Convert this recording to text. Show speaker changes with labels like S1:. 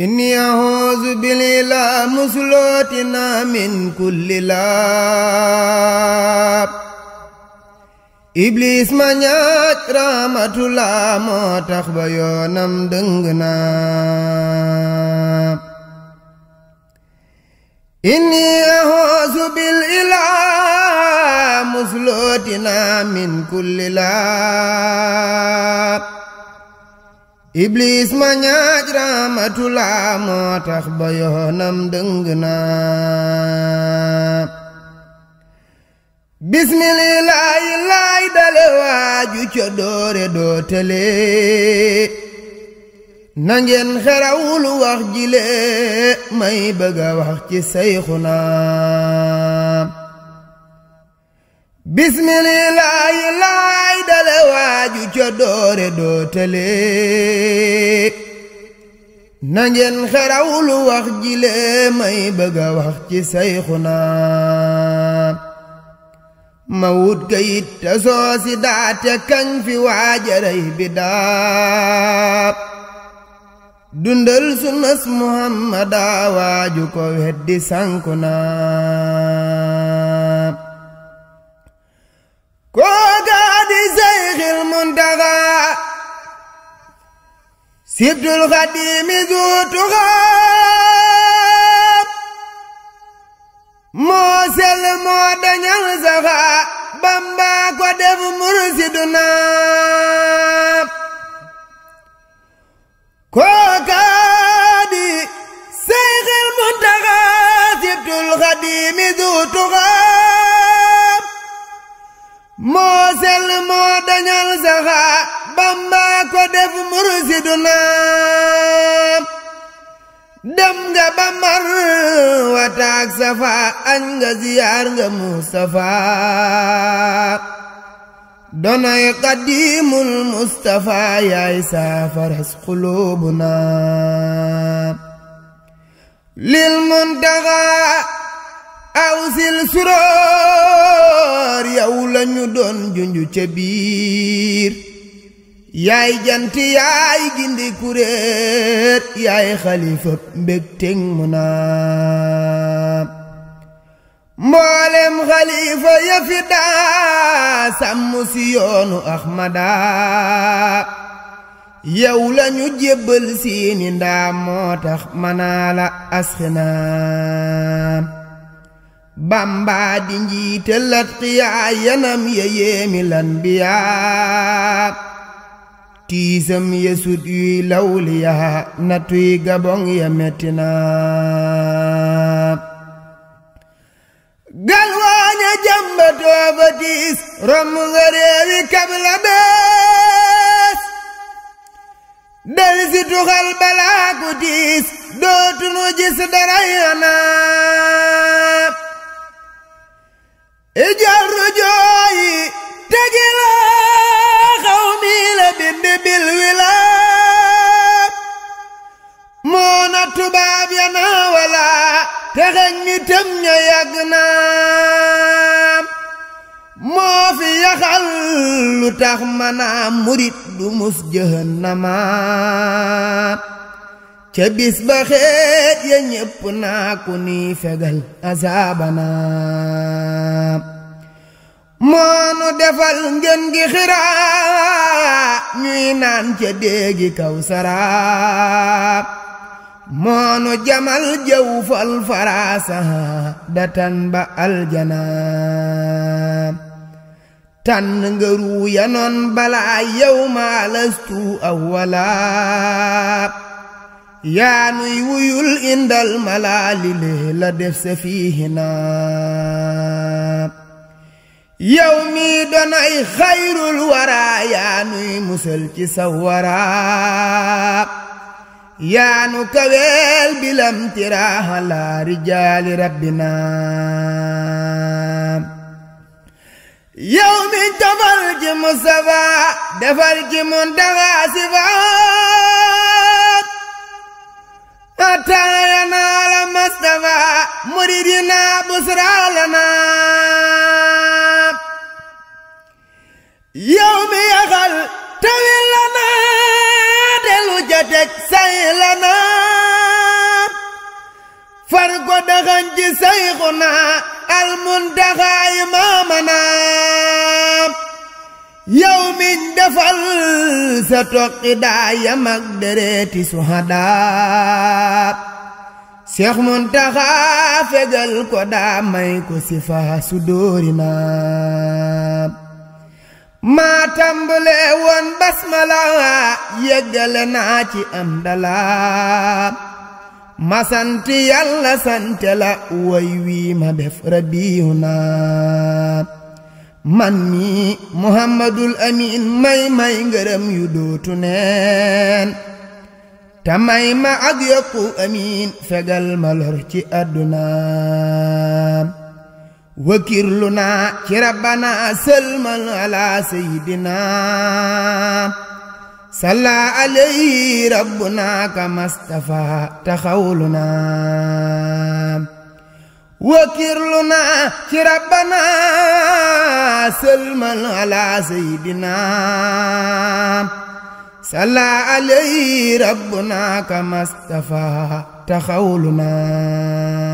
S1: إني أعوذ بليلى مسلوتنا من كل لاب إبليس ما ñàkk rahmatullah moo tax ba yoonam dëng na إني أعوذ بليلى مسلوتنا من كل لاب iblis ma ñaaj raamatulaa moo tax ba yoonam dëng naa bismillaahi laay dale waaju ca doore dootale na ngeen xerawul wax jile may bëgga wax ci sayxu naa bismillaahi laay dale waaju ca doore dootale na ngeen wax jile may bëgga wax ci sayxuna ma wut kayit te soosi daate kañ fi waajaray bi daab dundal sunnas muhammada waaju ko weddi sanku koogaa di seyxil muntaxa sibdul xadiimi zuutuxa moo sell moo dañal saxa bamba ko def mursiduna koogaa dañal saxa bamba ko def mursiduna dem nga wataak safa añ nga mustafa donay qadimul mustafa yaay saafaras qulubuna lil muntaxa awsil suróor yow lañu doon junju ca biir yaay jant yaay gindi kuréet yaay xalifa mbégteg mu naam mboolem xalifa yëfi daa sàmm si yoonu Ahmada yow lañu jébbal seeni ndaa moo tax manaa la asxinaam bamba di njiite latqiyaa yanam ya yéemi lanbiyaa tiisam ya sut yuy lawliyaa natuy gabong ya mettina galwaaña jamba tiis romb nga réewi kabla bees del si tiis dootunu gis dara dexeñ mi tëm ña yàgg naam moo fi yaxal lu tax manaam murit du mus jëhannama ca bis ba xeet ya ñépp naa ku ni fegal asaabanaam moonu defal ngeen gi xiraa ñuy naan ca déegi kaw moonu jamal jëw fal faraasa datan ba aljanaam tànn nga ruuya balaa yow maa lastu awwalaab wuyul indal malaali lee def sa fiihinaam yow mii donay waraa yaa nuy ci sa yaanu kaweel bilam tiraaxa rijaali rabbina yow mi tafal ci Mustafa defal ci Muntaxa sifaat la Mustafa muridina busraa lana yow tawil far ko defal sa toqi daaya mag dereeti suhada seex muntaxa fegal ko daa may ko sifa su dóorina maa tambale woon basmala yeggale naa am dala ma sant yàlla sant la way ma def rabiyu naa man mi muhammadul amin may may ngërëm yu dootu neen te may ma ak yokku fegal ma lor ci àdduna wakirlu naa ci rabbana sëlmal ala sayidina salla alayhi rabbuna kama stafa taxawluna wakirluna ci rabbana sëlmal ala sayidina salla alayhi rabbuna kama stafa taxawluna